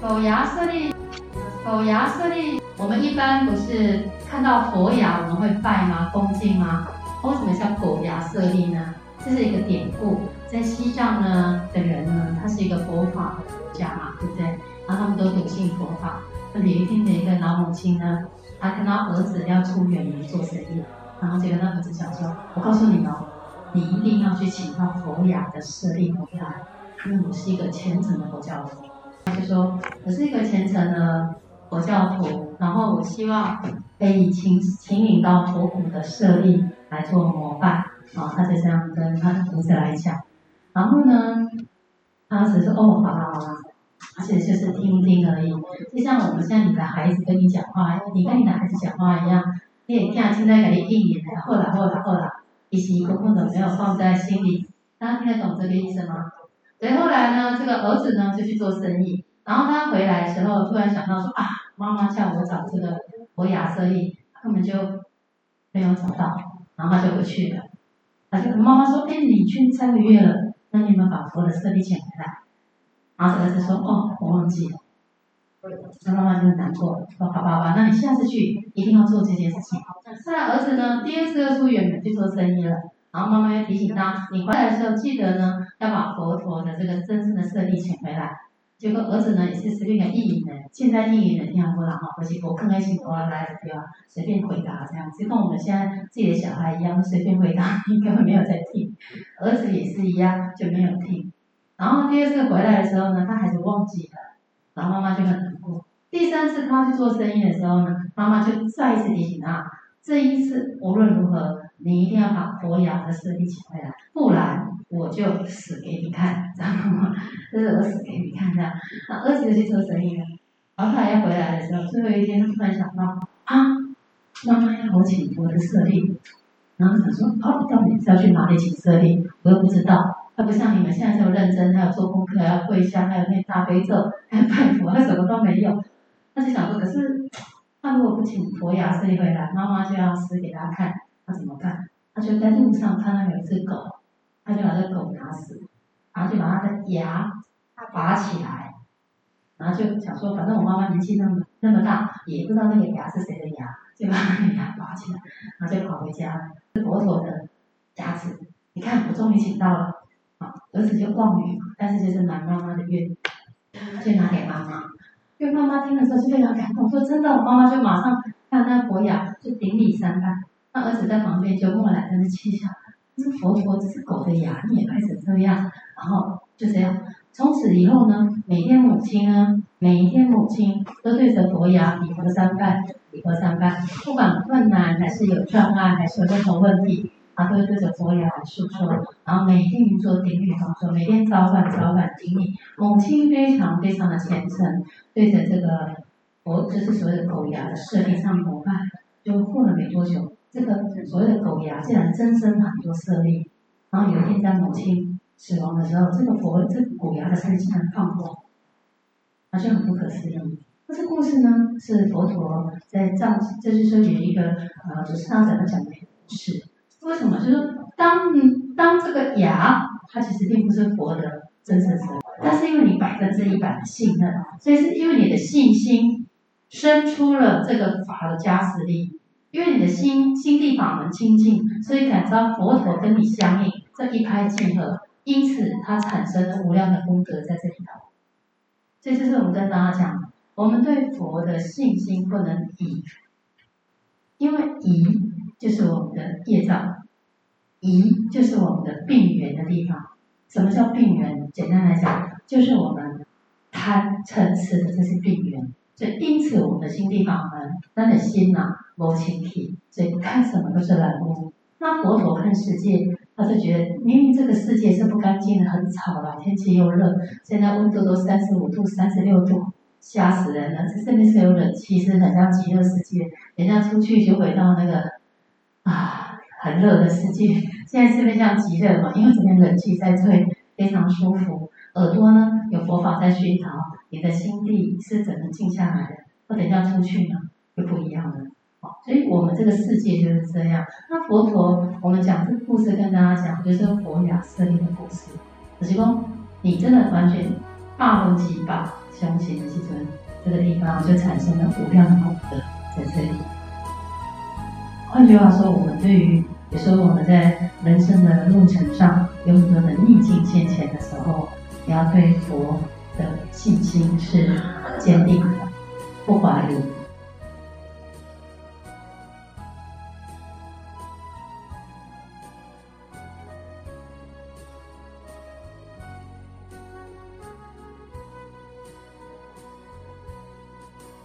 狗牙舍利，狗牙舍利。我們一般不是看到佛牙我們會拜嗎？恭敬嗎？為、哦、什麼叫狗牙舍利呢？這是一個典故，在西藏呢的人呢，他是一個佛法的國家嘛，對不對？然後他們都篤信佛法。那有一天的一個老母親呢，他看到兒子要出遠門做生意，然後就跟她兒子講說：“我告訴你哦，你一定要去請到佛牙的舍利回來，啊，因為你是一個虔誠的佛教徒。”他就說：“我是一個虔誠的佛教徒，然後我希望可以請請領到佛骨的舍利來做膜拜。哦”啊，他就這樣跟他的同事來講。然後呢，當時是哦，好啦好啦，而且就是聽聽而已，就像我們像你的孩子跟你講話，你跟你的孩子講話一樣，你也這樣在那個一年然後來後來後來，一心一意的沒有放在心裡。大家聽得懂這個意思嗎？所以後，後來呢，這個兒子呢就去做生意，然後他回來的時候突然想到說啊，媽媽叫我找這個佛牙舍利，他根本就沒有找到，然後他就不去了。他就跟媽媽說，哎、欸，你去三個月了，那你們把佛的舍利撿回來。然後兒子說，哦，我忘記了。那媽媽就很難過，說好，好吧，好吧，那你下次去一定要做這件事情。那兒子呢，第二次又出遠門去做生意了，然後媽媽又提醒他，你回來的時候記得呢要把佛陀。這個真正的舍利，請回來，結果兒子呢也是隨便的意淫呢，現在意淫的，聽不到了哈。而且我剛剛請我兒子不要隨便回答這樣，就跟我們現在自己的小孩一樣，隨便回答，根本沒有在聽。兒子也是一樣，就沒有聽。然後第二次回來的時候呢，他還是忘記了，然後媽媽就很難過。第三次他去做生意的時候呢，媽媽就再一次提醒他，這一次無論如何，你一定要把佛牙舍利請回來，不然。我就死給你看，知道嗎？就是我死給你看，這樣。那、啊、兒子就去做生意了。然後他要回來的時候，最後一天他突然想到啊，媽媽要我請佛的舍利。然後想說啊，到底是要去哪裡請舍利？我又不知道。他不像你們現在這麼認真，還要做功課，還要跪下，還要念大悲咒，還拜佛，他什麼都沒有。他就想說，可是他如果不請佛牙舍利回來，媽媽就要死給他看，他怎麼辦？他就在路上看到有一隻狗。他就把那狗打死，然後就把他的牙他拔起來，然後就想說，反正我媽媽年紀那麼那麼大，也不知道那個牙是誰的牙，就把那個牙拔起來，然後就跑回家了，這佛陀的牙齒，你看我終於請到了，啊，兒子就逛眼，但是就是滿媽媽的願，就拿給媽媽，因為媽媽聽了之後就非常感動，說真的，我媽媽就馬上看那佛牙就頂禮三拜，那兒子在旁邊就跟我兩個的氣下。是佛陀，這是狗的牙，你也開始這樣，然後就這樣。從此以後呢，每天母親呢，每一天母親都對着佛牙禮佛三拜，禮佛三拜，不管困難還是有障礙，還是有任何問題，啊，都對着佛牙來訴說，然後每天做頂禮，然後說每天早晚早晚頂禮。母親非常非常的虔誠，對着這個佛，就是所謂的狗牙的舍利上膜拜，就過了沒多久。這個所謂的狗牙竟然增生很多舍利，然後有一天在母親死亡的時候，這個佛這個、狗牙的身上放光，好像很不可思議。那這故事呢，是佛陀在藏，這就是說有一個呃、就是他大講的一個故事。為什麼？就是當當這個牙，它其實並不是佛的真身舍利，但是因為你百分之一百的信任，所以是因為你的信心生出了這個法的加持力。因為你的心心地法門清淨，所以感召佛陀跟你相應，這一拍即合，因此它產生了無量的功德在這裡頭。這就是我們跟大家講，我們對佛的信心不能疑，因為疑就是我們的業障，疑就是我們的病源的地方。什麼叫病源？簡單來講，就是我們貪嗔癡的這些病源。所以，因此，我們的心地法門，咱的心吶、啊，無情體，所以不看什麼都是染汙。那佛陀看世界，他就覺得，明明這個世界是不乾淨的，很吵了，天氣又熱，現在溫度都三十五度、三十六度，嚇死人了。這這邊是有冷氣，是很像極樂世界。人家出去就回到那個啊，很熱的世界。現在這邊像極樂嘛，因為這邊冷氣在吹，非常舒服。耳朵呢，有佛法在熏陶。你的心地是怎麼靜下來的，或者要出去呢？就不一樣了。所以我們這個世界就是這樣。那佛陀，我們講這個故事，跟大家講，就是狗牙舍利的故事。只是說你真的完全百分之百，相信的其中這個地方就產生了無量的功德在這裡。換句話說，我們對於，比如說我們在人生的路程上有很多的逆境現前的時候，你要對佛。信心是堅定的，不懷疑。